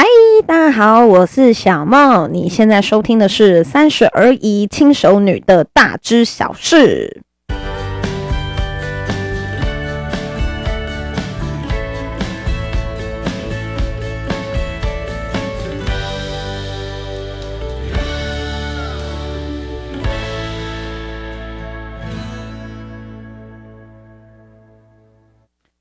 嗨，Hi, 大家好，我是小茂。你現在收聽的是《三十而已》輕熟女的大知小事。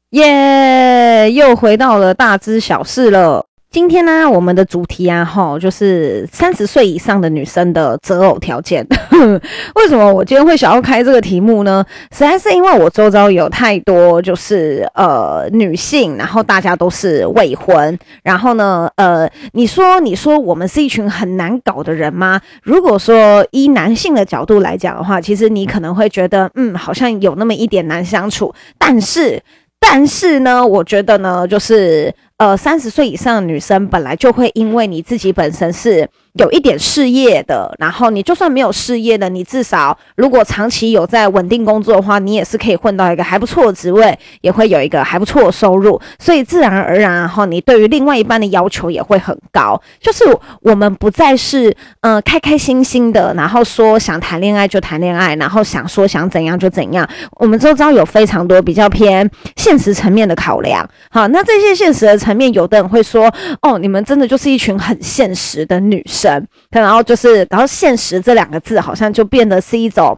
耶、yeah，又回到了大知小事了。今天呢、啊，我們的主題啊，吼，就是三十歲以上的女生的擇偶條件。 為什麼我今天會想要開這個題目呢？實在是因為我周遭有太多就是呃女性，然後大家都是未婚，然後呢，呃，你說你說我們是一群很難搞的人嗎？如果說以男性的角度來講的話，其實你可能會覺得，嗯，好像有那麼一點難相處。但是，但是呢，我覺得呢，就是。呃，三十歲以上的女生本來就會因為你自己本身是有一點事業的，然後你就算沒有事業的，你至少如果長期有在穩定工作的話，你也是可以混到一個還不錯的職位，也會有一個還不錯的收入。所以自然而然，然後你對於另外一半的要求也會很高。就是我們不再是嗯、呃、開開心心的，然後說想談戀愛就談戀愛，然後想說想怎樣就怎樣。我們周遭有非常多比較偏現實層面的考量。好，那這些現實的層面，有的人會說哦，你們真的就是一群很現實的女生。然後就是，然後“現實”這兩個字好像就變得是一種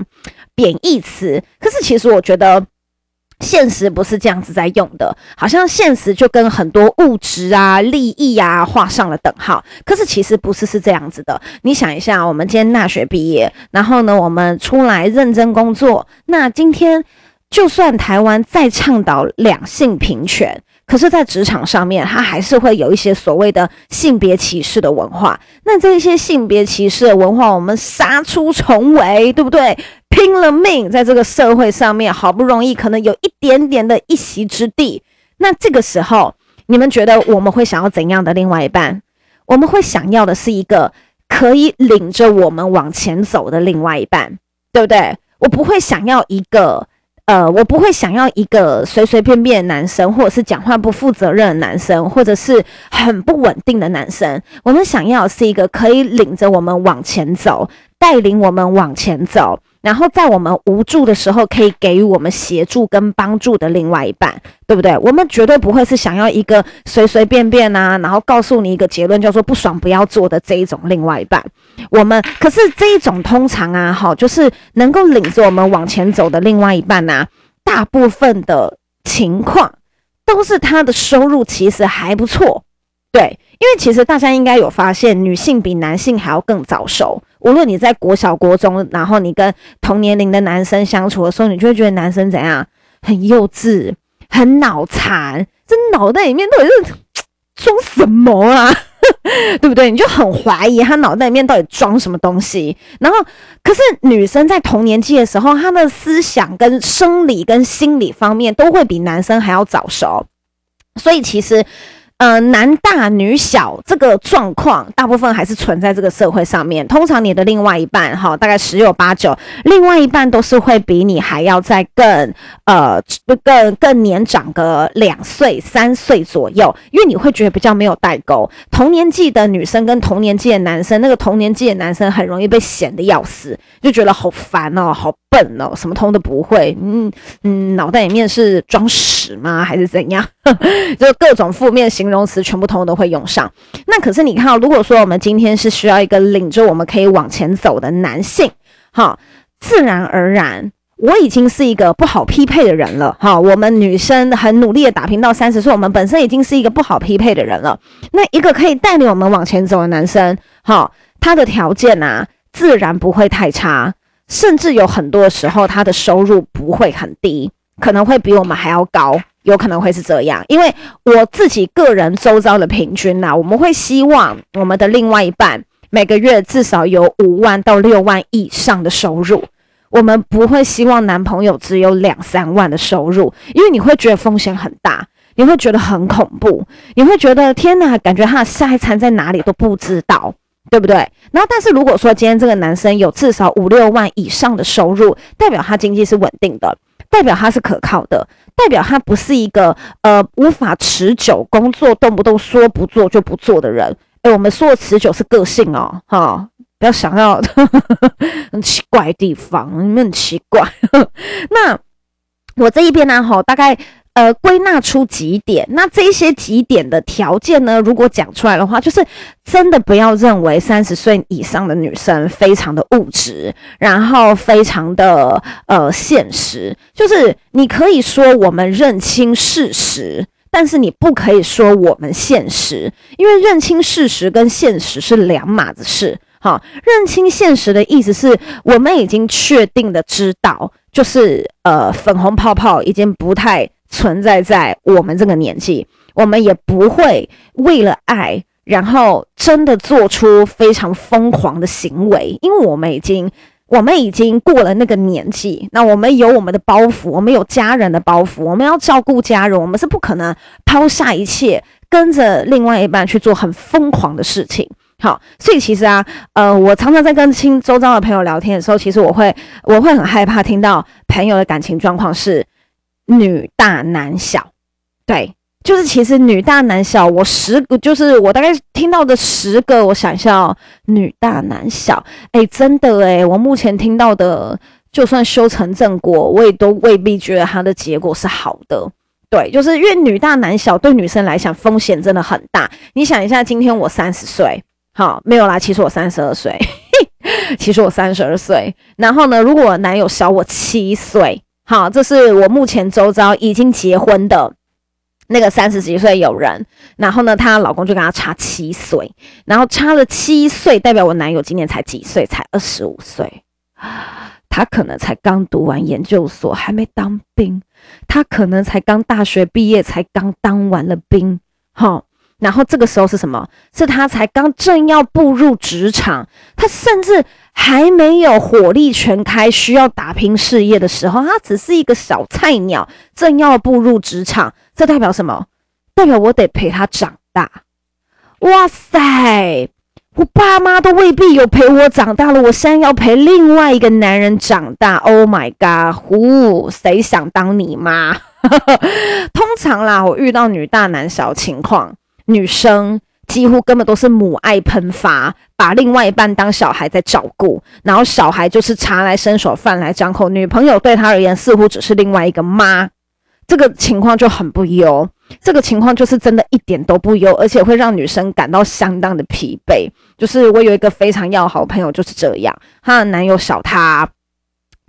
貶義詞。可是其實我覺得“現實”不是這樣子在用的，好像“現實”就跟很多物質啊、利益啊畫上了等號。可是其實不是是這樣子的。你想一下，我們今天大學畢業，然後呢，我們出來認真工作。那今天就算台灣再倡導兩性平權。可是，在職場上面，他還是會有一些所謂的性別歧視的文化。那這一些性別歧視的文化，我們殺出重圍，對不對？拼了命，在這個社會上面，好不容易可能有一點點的一席之地。那這個時候，你們覺得我們會想要怎樣的另外一半？我們會想要的是一個可以領着我們往前走的另外一半，對不對？我不會想要一個。呃，我不會想要一個隨隨便便的男生，或者是講話不負責任的男生，或者是很不穩定的男生。我們想要的是一個可以領着我們往前走。帶領我們往前走，然後在我們無助的時候，可以給予我們協助跟幫助的另外一半，對不對？我們絕對不會是想要一個隨隨便便啊，然後告訴你一個結論，叫做不爽不要做的這一種另外一半。我們可是這一種，通常啊，哈，就是能夠領着我們往前走的另外一半呢、啊，大部分的情況都是他的收入其實還不錯，對，因為其實大家應該有發現，女性比男性還要更早熟。無論你在國小、國中，然後你跟同年齡的男生相處的時候，你就會覺得男生怎樣，很幼稚、很腦殘，這腦袋裡面到底是裝什麼啊？ 對不對？你就很懷疑他腦袋裡面到底裝什麼東西。然後，可是女生在同年紀的時候，她的思想、跟生理、跟心理方面都會比男生還要早熟，所以其實。呃，男大女小這個狀況，大部分還是存在這個社會上面。通常你的另外一半，哈、哦，大概十有八九，另外一半都是會比你還要再更呃，更更年長個兩歲、三歲左右。因為你會覺得比較沒有代溝，同年紀的女生跟同年紀的男生，那個同年紀的男生很容易被嫌得要死，就覺得好煩哦，好。笨哦，什麼通都不會，嗯嗯，腦袋裡面是裝屎嗎？還是怎樣？ 就各種負面形容詞全部通通都會用上。那可是你看，如果說我們今天是需要一個領着我們可以往前走的男性，哈、哦，自然而然，我已經是一個不好匹配的人了。哈、哦，我們女生很努力的打拼到三十歲，我們本身已經是一個不好匹配的人了。那一個可以帶領我們往前走的男生，哈、哦，他的條件啊，自然不會太差。甚至有很多的時候，他的收入不會很低，可能會比我們還要高，有可能會是這樣。因為我自己個人周遭的平均吶、啊，我們會希望我們的另外一半每個月至少有五萬到六萬以上的收入。我們不會希望男朋友只有兩三萬的收入，因為你會覺得風險很大，你會覺得很恐怖，你會覺得天哪，感覺他的下一餐在哪裡都不知道。對不對？然後，但是如果說今天這個男生有至少五六萬以上的收入，代表他經濟是穩定的，代表他是可靠的，代表他不是一個呃無法持久工作，動不動說不做就不做的人。誒，我們說的持久是個性哦，哈、哦，不要想要很奇怪的地方，你們很奇怪。呵呵，那我這一邊呢，哈、哦，大概。呃，歸納出幾點，那這些幾點的條件呢？如果講出來的話，就是真的不要認為三十歲以上的女生非常的物質，然後非常的呃現實。就是你可以說我們認清事實，但是你不可以說我們現實，因為認清事實跟現實是兩碼子事。哈，認清現實的意思是我們已經確定的知道，就是呃粉紅泡泡已經不太。存在在我們這個年紀，我們也不會為了愛，然後真的做出非常瘋狂的行為，因為我們已經，我們已經過了那個年紀。那我們有我們的包袱，我們有家人的包袱，我們要照顧家人，我們是不可能拋下一切，跟着另外一半去做很瘋狂的事情。好，所以其實啊，呃，我常常在跟親周遭的朋友聊天的時候，其實我會，我會很害怕聽到朋友的感情狀況是。女大男小，對，就是其實女大男小，我十個就是我大概聽到的十個，我想一下，女大男小，哎，真的誒，我目前聽到的，就算修成正果，我也都未必覺得它的結果是好的。對，就是因為女大男小，對女生來講風險真的很大。你想一下，今天我三十歲，好，哦，沒有啦，其實我三十二歲， 其實我三十二歲。然後呢，如果男友小我七歲。好，這是我目前周遭已經結婚的那個三十幾歲友人，然後呢，她老公就跟她差七歲，然後差了七歲，代表我男友今年才幾歲？才二十五歲，他可能才剛讀完研究所，還沒當兵，他可能才剛大學畢業，才剛當完了兵，哦，然後這個時候是什麼？是他才剛正要步入職場，他甚至。還沒有火力全開，需要打拼事業的時候，他只是一個小菜鳥，正要步入職場。這代表什麼？代表我得陪他長大。哇塞，我爸媽都未必有陪我長大了，我現在要陪另外一個男人長大。Oh my god，嗚誰想當你媽？ 通常啦，我遇到女大男小情況，女生。幾乎根本都是母愛噴發，把另外一半當小孩在照顧，然後小孩就是茶來伸手，飯來張口。女朋友對他而言似乎只是另外一個媽，這個情況就很不優。這個情況就是真的一點都不優，而且會讓女生感到相當的疲憊。就是我有一個非常要好的朋友就是這樣，她的男友小她，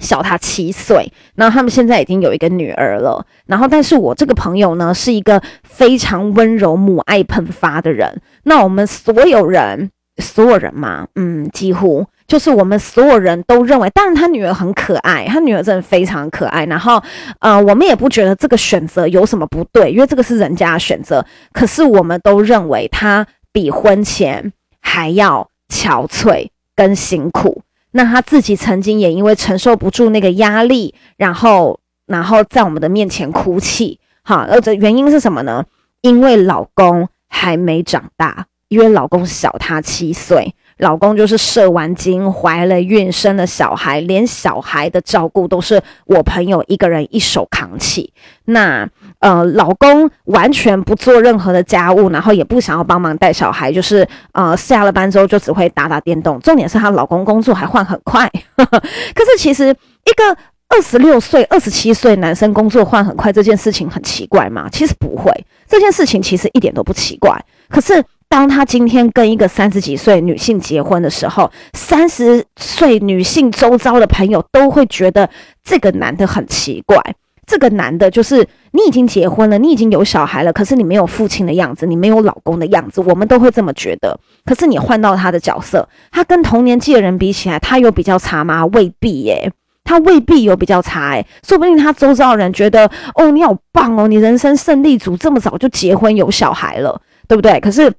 小他七歲，然後他們現在已經有一個女兒了。然後，但是我這個朋友呢，是一個非常溫柔、母愛噴發的人。那我們所有人，所有人嘛，嗯，幾乎就是我們所有人都認為，當然他女兒很可愛，他女兒真的非常可愛。然後，呃，我們也不覺得這個選擇有什麼不對，因為這個是人家的選擇。可是，我們都認為他比婚前還要憔悴跟辛苦。那她自己曾經也因為承受不住那個壓力，然後，然後在我們的面前哭泣，好，而這原因是什麼呢？因為老公還沒長大，因為老公小她七歲。老公就是射完精，懷了孕，生了小孩，連小孩的照顧都是我朋友一個人一手扛起。那呃，老公完全不做任何的家務，然後也不想要幫忙帶小孩，就是呃，下了班之後就只會打打電動。重點是她老公工作還換很快， 可是其實一個二十六歲、二十七歲男生工作換很快這件事情很奇怪嗎？其實不會，這件事情其實一點都不奇怪。可是。當他今天跟一個三十幾歲女性結婚的時候，三十歲女性周遭的朋友都會覺得這個男的很奇怪。這個男的就是你已經結婚了，你已經有小孩了，可是你沒有父親的樣子，你沒有老公的樣子，我們都會這麼覺得。可是你換到他的角色，他跟同年紀的人比起來，他有比較差嗎？未必耶，他未必有比較差哎，說不定他周遭的人覺得哦，你好棒哦，你人生勝利組這麼早就結婚有小孩了，對不對？可是。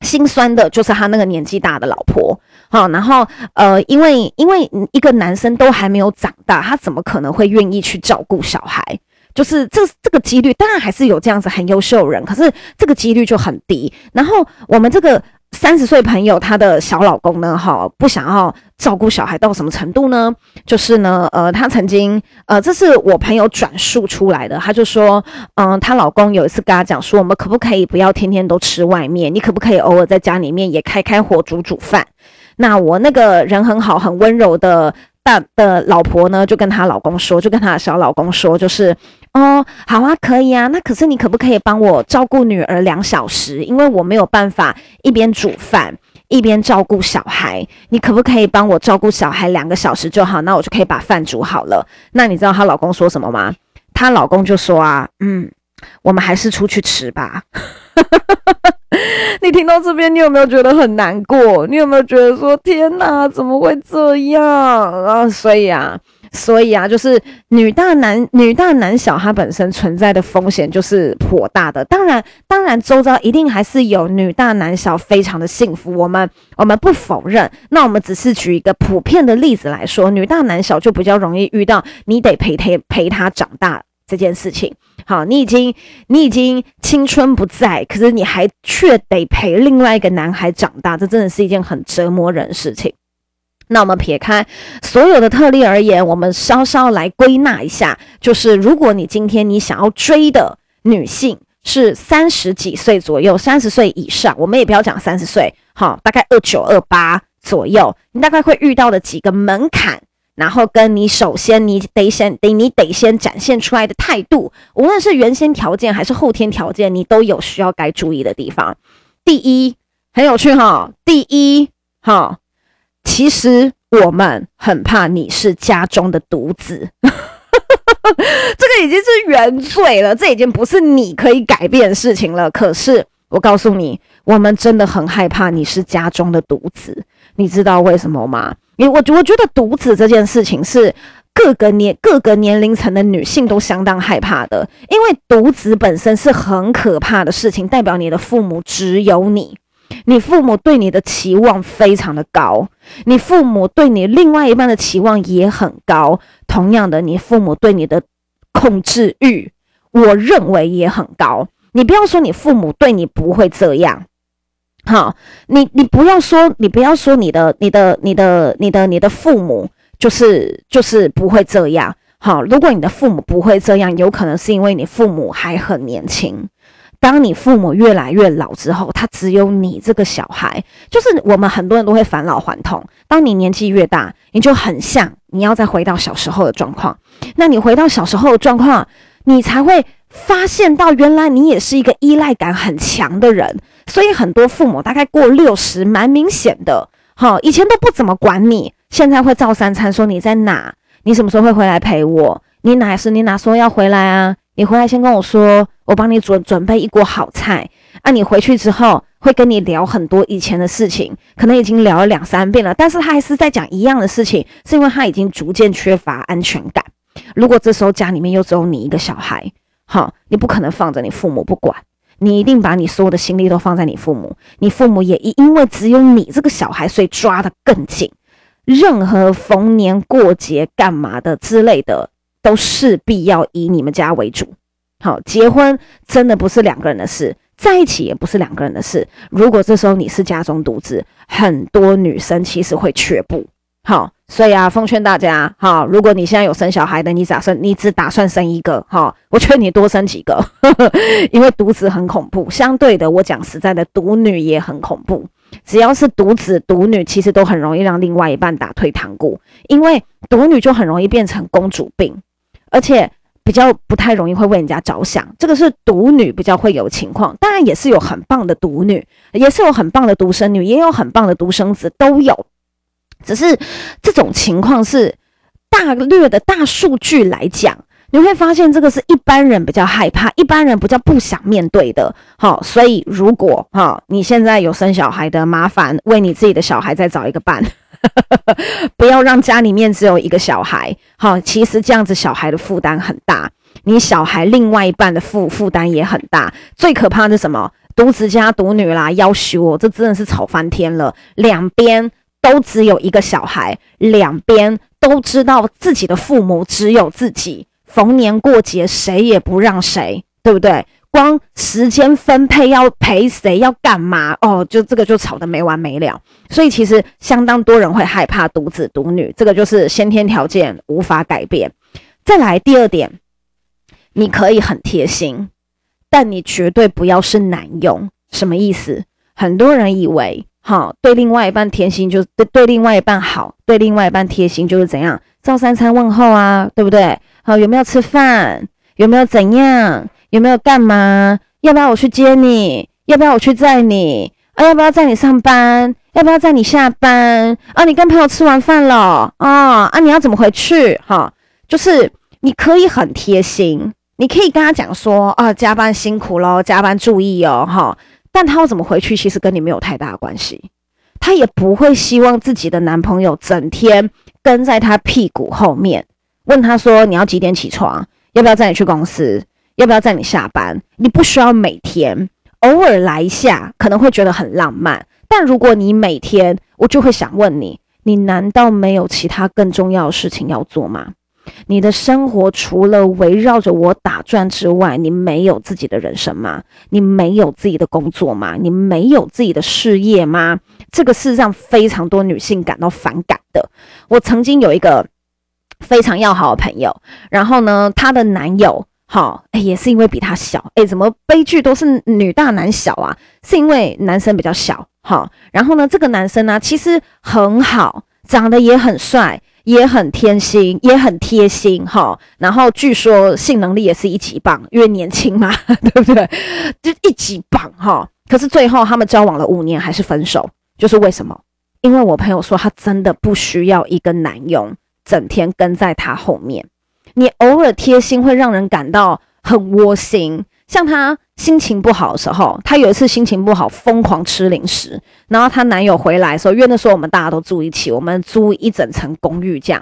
心酸的就是他那個年紀大的老婆，好，哦，然後呃，因為因為一個男生都還沒有長大，他怎麼可能會願意去照顧小孩？就是這這個幾率，當然還是有這樣子很優秀的人，可是這個幾率就很低。然後我們這個三十歲朋友，他的小老公呢，哈，哦，不想要。照顧小孩到什麼程度呢？就是呢，呃，她曾經，呃，這是我朋友轉述出來的。他就說，嗯、呃，她老公有一次跟她講說，我們可不可以不要天天都吃外面？你可不可以偶爾在家裡面也開開火煮煮飯？那我那個人很好，很溫柔的大的老婆呢，就跟她老公說，就跟她小老公說，就是，哦，好啊，可以啊。那可是你可不可以幫我照顧女兒兩小時？因為我沒有辦法一邊煮飯。一邊照顧小孩，你可不可以幫我照顧小孩兩個小時就好？那我就可以把飯煮好了。那你知道她老公說什麼嗎？她老公就說啊，嗯，我們還是出去吃吧。 你聽到這邊，你有沒有覺得很難過？你有沒有覺得說，天哪，怎麼會這樣？啊，所以啊，所以啊，就是女大男女大男小，它本身存在的風險就是頗大的。當然，當然，週遭一定還是有女大男小，非常的幸福。我們我們不否認。那我們只是舉一個普遍的例子來說，女大男小就比較容易遇到，你得陪他陪他長大。這件事情，好，你已經你已經青春不再，可是你還卻得陪另外一個男孩長大，這真的是一件很折磨人的事情。那我們撇開所有的特例而言，我們稍稍來歸納一下，就是如果你今天你想要追的女性是三十幾歲左右，三十歲以上，我們也不要講三十歲，好，大概二九二八左右，你大概會遇到的幾個門檻。然後跟你，首先你得先得你得先展現出來的態度，無論是原先條件還是後天條件，你都有需要該注意的地方。第一，很有趣哈、哦。第一哈、哦，其實我們很怕你是家中的獨子， 這個已經是原罪了，這已經不是你可以改變的事情了。可是我告訴你，我們真的很害怕你是家中的獨子。你知道為什麼嗎？因為我我覺得獨子這件事情是各個年各個年齡層的女性都相當害怕的，因為獨子本身是很可怕的事情，代表你的父母只有你，你父母對你的期望非常的高，你父母對你另外一半的期望也很高。同樣的，你父母對你的控制慾，我認為也很高。你不要說你父母對你不會這樣。好、哦，你你不要說，你不要說你的你的你的你的你的父母就是就是不會這樣。好、哦，如果你的父母不會這樣，有可能是因為你父母還很年輕。當你父母越來越老之後，他只有你這個小孩。就是我們很多人都會返老還童。當你年紀越大，你就很像你要再回到小時候的狀況。那你回到小時候的狀況，你才會發現到原來你也是一個依賴感很強的人。所以很多父母大概過六十，蠻明顯的。齁，以前都不怎麼管你，現在會照三餐，說你在哪，你什麼時候會回來陪我？你哪時、你哪時候要回來啊？你回來先跟我說，我幫你準準備一鍋好菜。啊，你回去之後會跟你聊很多以前的事情，可能已經聊了兩三遍了，但是他還是在講一樣的事情，是因為他已經逐漸缺乏安全感。如果這時候家裡面又只有你一個小孩，齁，你不可能放着你父母不管。你一定把你所有的心力都放在你父母，你父母也因因為只有你這個小孩，所以抓得更緊。任何逢年過節幹嘛的之類的，都勢必要以你們家為主。好，結婚真的不是兩個人的事，在一起也不是兩個人的事。如果這時候你是家中獨子，很多女生其實會卻步。好。所以啊，奉勸大家哈、哦，如果你現在有生小孩的，你打算你只打算生一個哈、哦，我勸你多生幾個，呵呵，因為獨子很恐怖。相對的，我講實在的，獨女也很恐怖。只要是獨子獨女，其實都很容易讓另外一半打退堂鼓，因為獨女就很容易變成公主病，而且比較不太容易會為人家着想。這個是獨女比較會有情況，當然也是有很棒的獨女，也是有很棒的獨生女，也有很棒的獨生子，都有。只是這種情況是大略的大數據來講，你會發現這個是一般人比較害怕，一般人比較不想面對的。好，所以如果哈，你現在有生小孩的，麻煩為你自己的小孩再找一個伴，呵呵呵，不要讓家裡面只有一個小孩。好，其實這樣子小孩的負擔很大，你小孩另外一半的負負擔也很大。最可怕的是什麼？獨子家獨女啦，夭壽喔，這真的是吵翻天了，兩邊。都只有一個小孩，兩邊都知道自己的父母只有自己，逢年過節誰也不讓誰，對不對？光時間分配要陪誰？要幹嘛？哦，就這個就吵得沒完沒了。所以其實相當多人會害怕獨子獨女，這個就是先天條件無法改變。再來第二點，你可以很貼心，但你絕對不要是男傭。什麼意思？很多人以為，好，對另外一半貼心就，就是對對另外一半好，對另外一半貼心就是怎樣？照三餐問候啊，對不對？好，有沒有吃飯？有沒有怎樣？有沒有幹嘛？要不要我去接你？要不要我去載你？啊，要不要載你上班？要不要載你下班？啊，你跟朋友吃完飯了啊？啊，你要怎麼回去？哈，就是你可以很貼心，你可以跟他講說，啊，加班辛苦嘍，加班注意哦，哈。但他要怎麼回去，其實跟你沒有太大的關係。他也不會希望自己的男朋友整天跟在他屁股後面，問他說：“你要幾點起床？要不要載你去公司？要不要載你下班？”你不需要每天，偶爾來一下，可能會覺得很浪漫。但如果你每天，我就會想問你：你難道沒有其他更重要的事情要做嗎？你的生活除了圍繞着我打轉之外，你沒有自己的人生嗎？你沒有自己的工作嗎？你沒有自己的事業嗎？這個是讓非常多女性感到反感的。我曾經有一個非常要好的朋友，然後呢，她的男友，好、哦，也是因為比她小，哎，怎麼悲劇都是女大男小啊？是因為男生比較小，好、哦，然後呢，這個男生呢、啊，其實很好，長得也很帥。也很貼心，也很貼心，齁。然後據說性能力也是一級棒，因為年輕嘛，對不對？就一級棒，齁。可是最後他們交往了五年還是分手，就是為什麼？因為我朋友說他真的不需要一個男傭整天跟在他後面，你偶爾貼心會讓人感到很窩心。像她心情不好的時候，她有一次心情不好，瘋狂吃零食。然後她男友回來的時候，因為那時候我們大家都住一起，我們租一整層公寓這樣。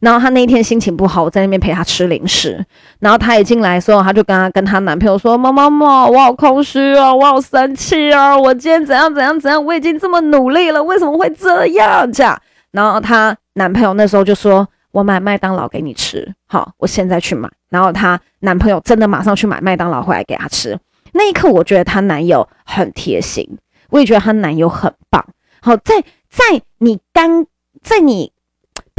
然後她那一天心情不好，我在那邊陪她吃零食。然後她一進來的時候，她就跟她跟她男朋友說：“媽媽媽，我好空虛哦、啊，我好生氣哦，我今天怎樣怎樣怎樣，我已經這麼努力了，為什麼會這樣？這樣。”然後她男朋友那時候就說。我買麥當勞給你吃，好，我現在去買，然後她男朋友真的馬上去買麥當勞回來給她吃。那一刻，我覺得她男友很貼心，我也覺得她男友很棒。好，在在你幹在你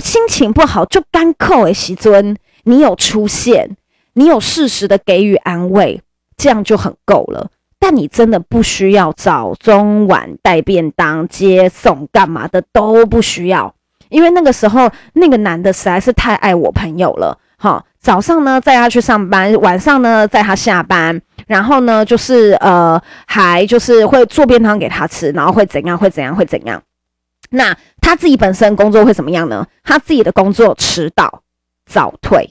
心情不好就幹扣的時候，你有出現，你有適時的給予安慰，這樣就很夠了。但你真的不需要早中晚帶便當接送幹嘛的都不需要。因為那個時候，那個男的實在是太愛我朋友了，哈！早上呢載他，去上班，晚上呢載他下班，然後呢就是呃，還就是會做便當給他吃，然後會怎樣？會怎樣？會怎樣？那他自己本身工作會怎麼樣呢？他自己的工作遲到、早退，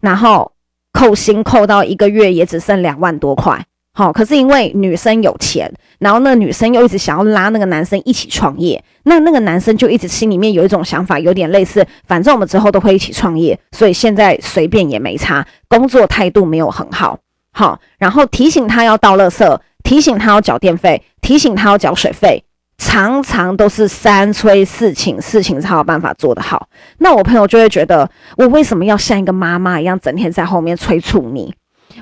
然後扣薪扣到一個月也只剩兩萬多塊。好，可是因為女生有錢，然後那女生又一直想要拉那個男生一起創業，那那個男生就一直心裡面有一種想法，有點類似，反正我們之後都會一起創業，所以現在隨便也沒差，工作態度沒有很好，好，然後提醒他要倒垃圾，提醒他要繳電費，提醒他要繳水費，常常都是三催四請，事情才有辦法做得好。那我朋友就會覺得，我為什麼要像一個媽媽一樣，整天在後面催促你？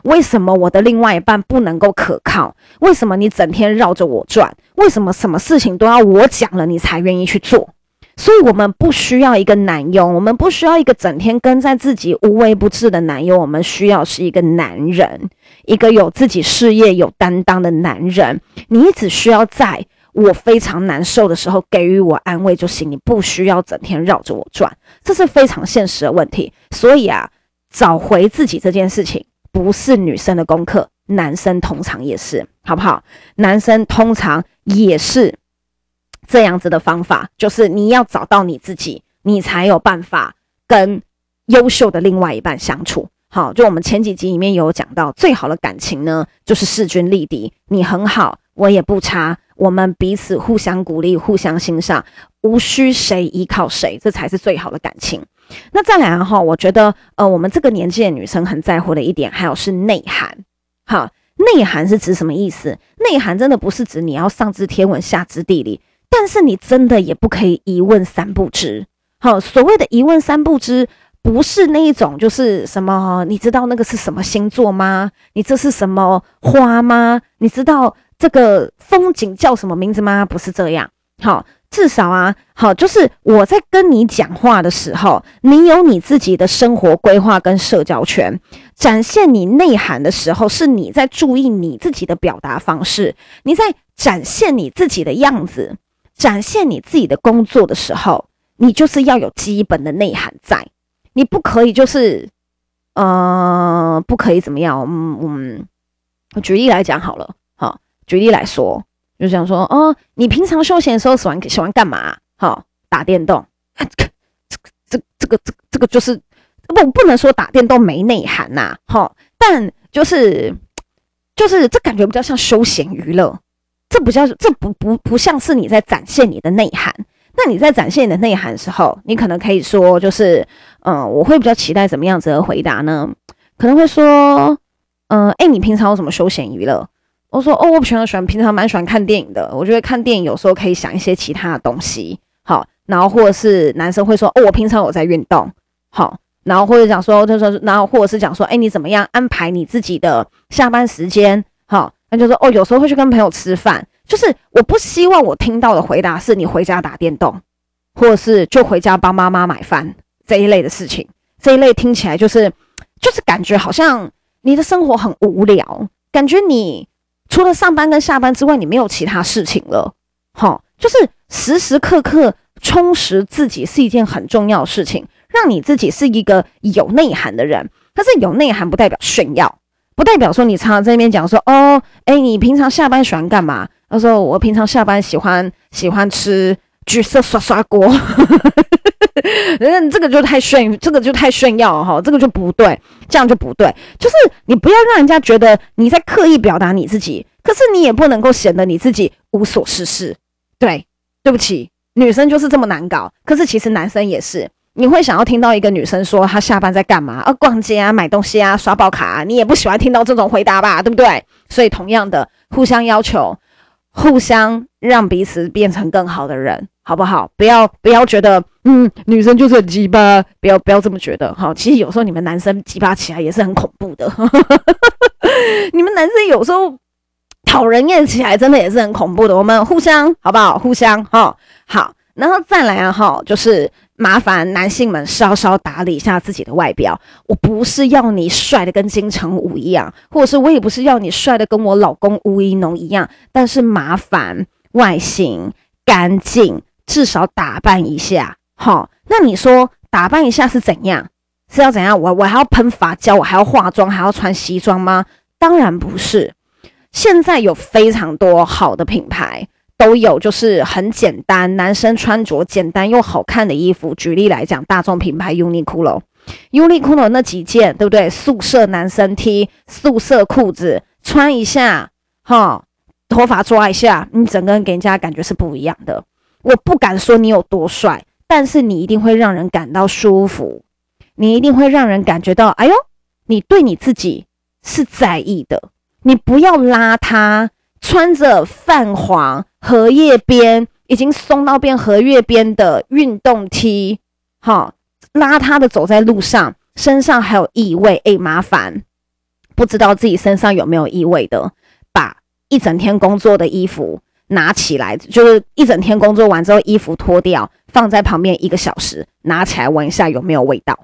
為什麼我的另外一半不能夠可靠？為什麼你整天繞着我轉？為什麼什麼事情都要我講了你才願意去做？所以我們不需要一個男傭，我們不需要一個整天跟在自己無微不至的男傭，我們需要是一個男人，一個有自己事業、有擔當的男人。你只需要在我非常難受的時候給予我安慰就行，你不需要整天繞着我轉。這是非常現實的問題。所以啊，找回自己這件事情，不是女生的功課，男生通常也是，好不好？男生通常也是這樣子的方法，就是你要找到你自己，你才有辦法跟優秀的另外一半相處。好，就我們前幾集裡面有講到，最好的感情呢，就是勢均力敵，你很好，我也不差，我們彼此互相鼓勵，互相欣賞，無需誰依靠誰，這才是最好的感情。那再來哈、啊，我覺得呃，我們這個年紀的女生很在乎的一點，還有是內涵。哈，內涵是指什麼意思？內涵真的不是指你要上知天文下知地理，但是你真的也不可以一問三不知。好，所謂的“一問三不知”，不是那一種，就是什麼？你知道那個是什麼星座嗎？你這是什麼花嗎？你知道這個風景叫什麼名字嗎？不是這樣。哈。至少啊，好，就是我在跟你講話的時候，你有你自己的生活規劃跟社交圈，展現你內涵的時候，是你在注意你自己的表達方式，你在展現你自己的樣子，展現你自己的工作的時候，你就是要有基本的內涵在，你不可以就是，呃，不可以怎麼樣，嗯，嗯，我舉例來講好了，好，舉例來說。就想說哦，你平常休閒的時候喜歡喜歡幹嘛？好、哦，打電動。這個、這、這個、這個這個這個、這個就是不不能說打電動沒內涵吶、啊。好、哦，但就是就是這感覺比較像休閒娛樂，這不叫這不不不像是你在展現你的內涵。那你在展現你的內涵的時候，你可能可以說就是嗯、呃，我會比較期待怎麼樣子的回答呢？可能會說嗯，哎、呃，你平常有什麼休閒娛樂？我說哦，我不喜歡，平常蠻喜歡看電影的，我覺得看電影有時候可以想一些其他的東西。好，然後或者是男生會說哦，我平常有在運動。好，然後或者講說，他說，然後或者是講說，哎、欸，你怎麼樣安排你自己的下班時間？好，那就說哦，有時候會去跟朋友吃飯。就是我不希望我聽到的回答是你回家打電動，或者是就回家幫媽媽買飯這一類的事情。這一類聽起來就是，就是感覺好像你的生活很無聊，感覺你。除了上班跟下班之外，你沒有其他事情了，好，就是時時刻刻充實自己是一件很重要的事情，讓你自己是一個有內涵的人。但是有內涵不代表炫耀，不代表說你常常在那邊講說，哦，哎、欸，你平常下班喜歡幹嘛？他說我平常下班喜歡喜歡吃橘色刷刷鍋。 嗯， 這個就太炫，這個就太炫耀哈，這個就不對，這樣就不對。就是你不要讓人家覺得你在刻意表達你自己，可是你也不能夠顯得你自己無所事事。對，對不起，女生就是這麼難搞。可是其實男生也是，你會想要聽到一個女生說她下班在幹嘛？啊，逛街啊，買東西啊，刷爆卡啊，你也不喜歡聽到這種回答吧，對不對？所以同樣的，互相要求。互相讓彼此變成更好的人，好不好？不要不要覺得，嗯，女生就是很機掰，不要不要這麼覺得，齁。其實有時候你們男生機掰起來也是很恐怖的，呵呵呵，你們男生有時候討人厭起來真的也是很恐怖的。我們互相好不好？互相哈，好，然後再來啊哈，就是。麻煩男性們稍稍打理一下自己的外表。我不是要你帥的跟金城武一樣，或者是我也不是要你帥的跟我老公吳一農一樣。但是麻煩外形乾淨，至少打扮一下。好，那你說打扮一下是怎樣？是要怎樣？我我還要噴髮膠，我還要化妝，還要穿西裝嗎？當然不是。現在有非常多好的品牌。都有，就是很簡單，男生穿着簡單又好看的衣服。舉例來講，大眾品牌 Uniqlo，Uniqlo 那幾件，對不對？素色男生 T，素色褲子穿一下，哈，頭髮抓一下，你、嗯、整個人給人家感覺是不一樣的。我不敢說你有多帥，但是你一定會讓人感到舒服，你一定會讓人感覺到，哎呦，你對你自己是在意的。你不要邋遢，穿着泛黃。荷葉邊已經鬆到變荷葉邊的運動 T，哈，邋遢的走在路上，身上還有異味，哎、欸，麻煩不知道自己身上有沒有異味的，把一整天工作的衣服拿起來，就是一整天工作完之後衣服脫掉放在旁邊一個小時，拿起來聞一下有沒有味道，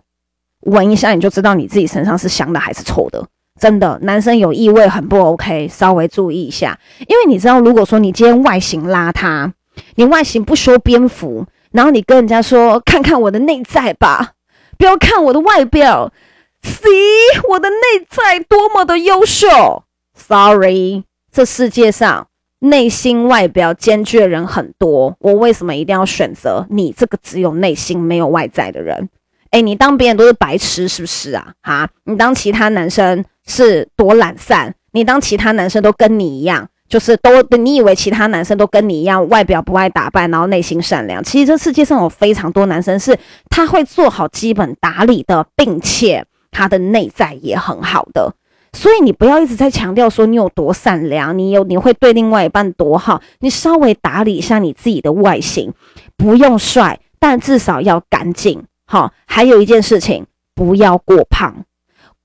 聞一下你就知道你自己身上是香的還是臭的。真的，男生有異味很不 OK，稍微注意一下。因為你知道，如果說你今天外形邋遢，你外形不修邊幅，然後你跟人家說：“看看我的內在吧，不要看我的外表，See 我的內在多麼的優秀。”Sorry，這世界上內心外表兼具的人很多，我為什麼一定要選擇你這個只有內心沒有外在的人？哎、欸，你當別人都是白痴是不是啊？哈，你當其他男生。是多懶散？你當其他男生都跟你一樣，就是都你以為其他男生都跟你一樣，外表不愛打扮，然後內心善良。其實這世界上有非常多男生是他會做好基本打理的，並且他的內在也很好的。所以你不要一直在強調說你有多善良，你有你會對另外一半多好。你稍微打理一下你自己的外形，不用帥，但至少要乾淨，齁。還有一件事情，不要過胖。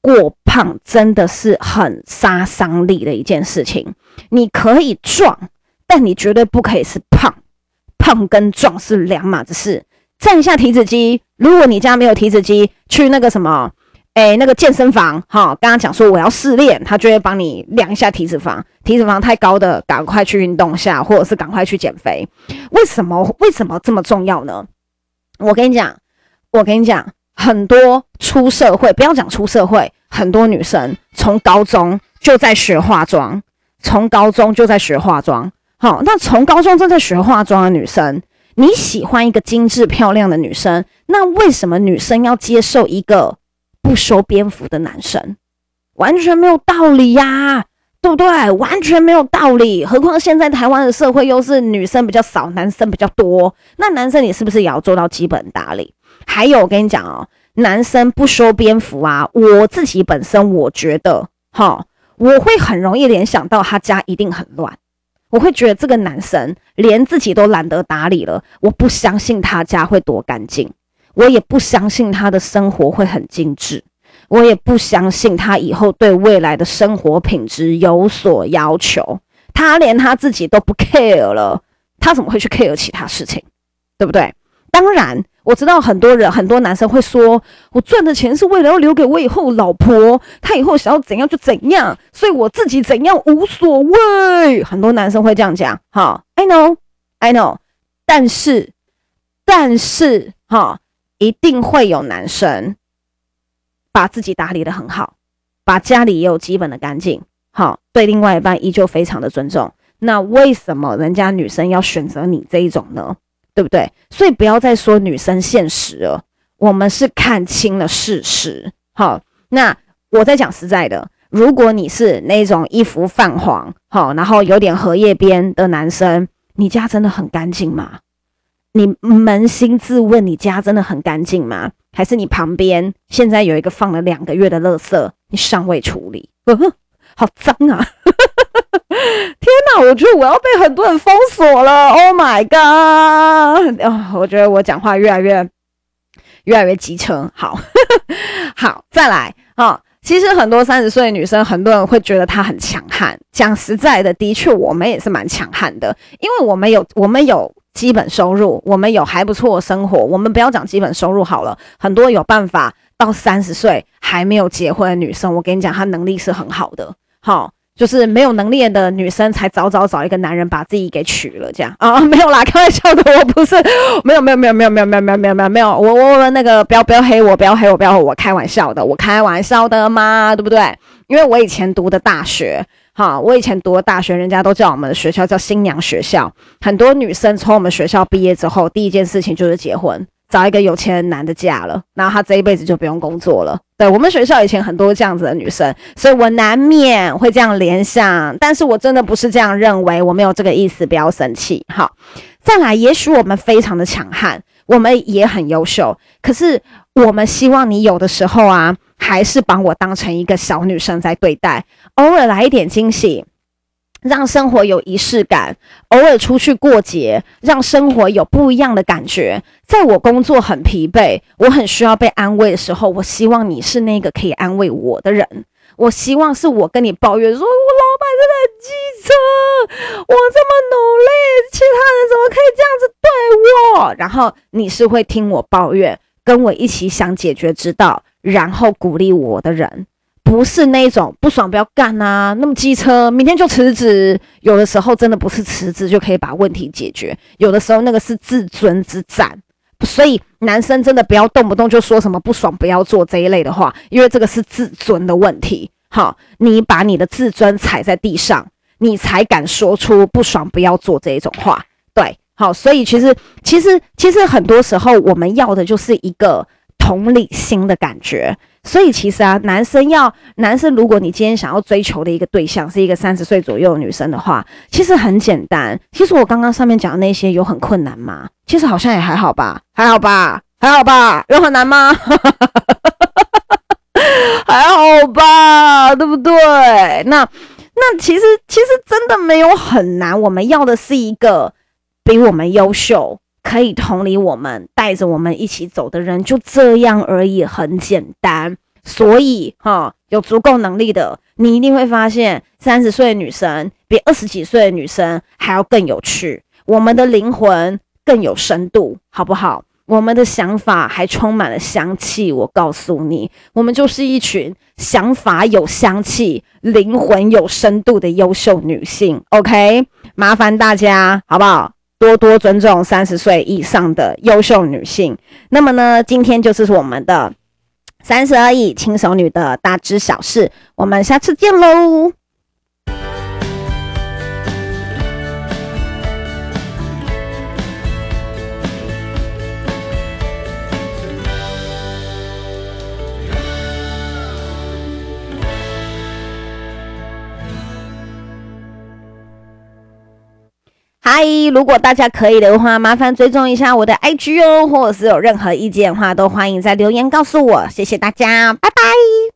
過胖真的是很殺傷力的一件事情。你可以壯，但你絕對不可以是胖。胖跟壯是兩碼子事。站一下體脂機，如果你家沒有體脂機，去那個什麼，欸、那個健身房，哈，剛剛講說我要試練，他就會幫你量一下體脂肪。體脂肪太高的，趕快去運動下，或者是趕快去減肥。為什麼？為什麼這麼重要呢？我跟你講，我跟你講。很多出社會，不要講出社會，很多女生從高中就在學化妝，從高中就在學化妝。好、哦，那從高中正在學化妝的女生，你喜歡一個精緻漂亮的女生，那為什麼女生要接受一個不修邊幅的男生？完全沒有道理呀、啊，對不對？完全沒有道理。何況現在台灣的社會又是女生比較少，男生比較多，那男生你是不是也要做到基本打理？還有，我跟你講哦、喔，男生不修邊幅啊，我自己本身我覺得，哈，我會很容易聯想到他家一定很亂，我會覺得這個男生連自己都懶得打理了，我不相信他家會多乾淨，我也不相信他的生活會很精致，我也不相信他以後對未來的生活品質有所要求，他連他自己都不 care 了，他怎麼會去 care 其他事情，對不對？當然。我知道很多人，很多男生會說：“我賺的錢是為了要留給我以後老婆，她以後想要怎樣就怎樣，所以我自己怎樣無所謂。”很多男生會這樣講，哈，I know，I know，但是，但是，哈、哦，一定會有男生把自己打理得很好，把家裡也有基本的乾淨，好、哦，對另外一半依舊非常的尊重。那為什麼人家女生要選擇你這一種呢？對不對？所以不要再說女生現實了，我們是看清了事實。好，那我在講實在的，如果你是那種衣服泛黃，好，然後有點荷葉邊的男生，你家真的很乾淨嗎？你捫心自問，你家真的很乾淨嗎？還是你旁邊現在有一個放了兩個月的垃圾，你尚未處理？呵呵，好髒啊！呵呵 天哪，我覺得我要被很多人封鎖了。Oh my god！Oh，我覺得我講話越來越越來越急車。好 好，再來啊、哦！其實很多三十歲的女生，很多人會覺得她很強悍。講實在的，的確我們也是蠻強悍的，因為我們有我們有基本收入，我們有還不錯的生活。我們不要講基本收入好了，很多有辦法到三十歲還沒有結婚的女生，我跟你講，她能力是很好的。好、哦。就是沒有能力的女生才早早找，找一個男人把自己給娶了，這樣啊？沒有啦，開玩笑的，我不是沒有沒有沒有沒有沒有沒有沒有沒有沒有我我我那個不要不要黑我不要黑我不要我開玩笑的，我開玩笑的嘛，對不對？因為我以前讀的大學，哈，我以前讀的大學，人家都叫我們的學校叫新娘學校，很多女生從我們學校畢業之後，第一件事情就是結婚。找一個有錢人男的嫁了，然後他這一輩子就不用工作了。對，我們學校以前很多這樣子的女生，所以我難免會這樣聯想，但是我真的不是這樣認為，我沒有這個意思，不要生氣哈。再來，也許我們非常的強悍，我們也很優秀，可是我們希望你有的時候啊，還是把我當成一個小女生在對待，偶爾來一點驚喜。讓生活有儀式感，偶爾出去過節，讓生活有不一樣的感覺。在我工作很疲憊，我很需要被安慰的時候，我希望你是那個可以安慰我的人。我希望是我跟你抱怨說，說我老板真的很機車，我這麼努力，其他人怎麼可以這樣子對我？然後你是會聽我抱怨，跟我一起想解決之道，然後鼓勵我的人。不是那種不爽不要幹啊，那麼機車，明天就辭職。有的時候真的不是辭職就可以把問題解決，有的時候那個是自尊之戰。所以男生真的不要動不動就說什麼不爽不要做這一類的話，因為這個是自尊的問題。好，你把你的自尊踩在地上，你才敢說出不爽不要做這一種話。對，好，所以其實其實其實很多時候我們要的就是一個。同理心的感覺，所以其實啊，男生要，男生如果你今天想要追求的一個對象是一個三十歲左右的女生的話，其實很簡單。其實我剛剛上面講的那些有很困難嗎？其實好像也還好吧，還好吧，還好吧，有很難嗎？ 還好吧，對不對？那那其實其實真的沒有很難，我們要的是一個比我們優秀。可以同理我們，帶着我們一起走的人，就這樣而已，很簡單。所以哈、哦，有足夠能力的，你一定會發現，三十歲的女生比二十幾歲的女生還要更有趣。我們的靈魂更有深度，好不好？我們的想法還充滿了香氣。我告訴你，我們就是一群想法有香氣、靈魂有深度的優秀女性。OK，麻煩大家，好不好？多多尊重三十歲以上的優秀女性。那麼呢，今天就是我們的三十而已，輕熟女的大知小事。我們下次見嘍！嗨，Hi, 如果大家可以的話，麻煩追蹤一下我的 IG 哦，或者是有任何意見的話，都歡迎在留言告訴我，謝謝大家，拜拜。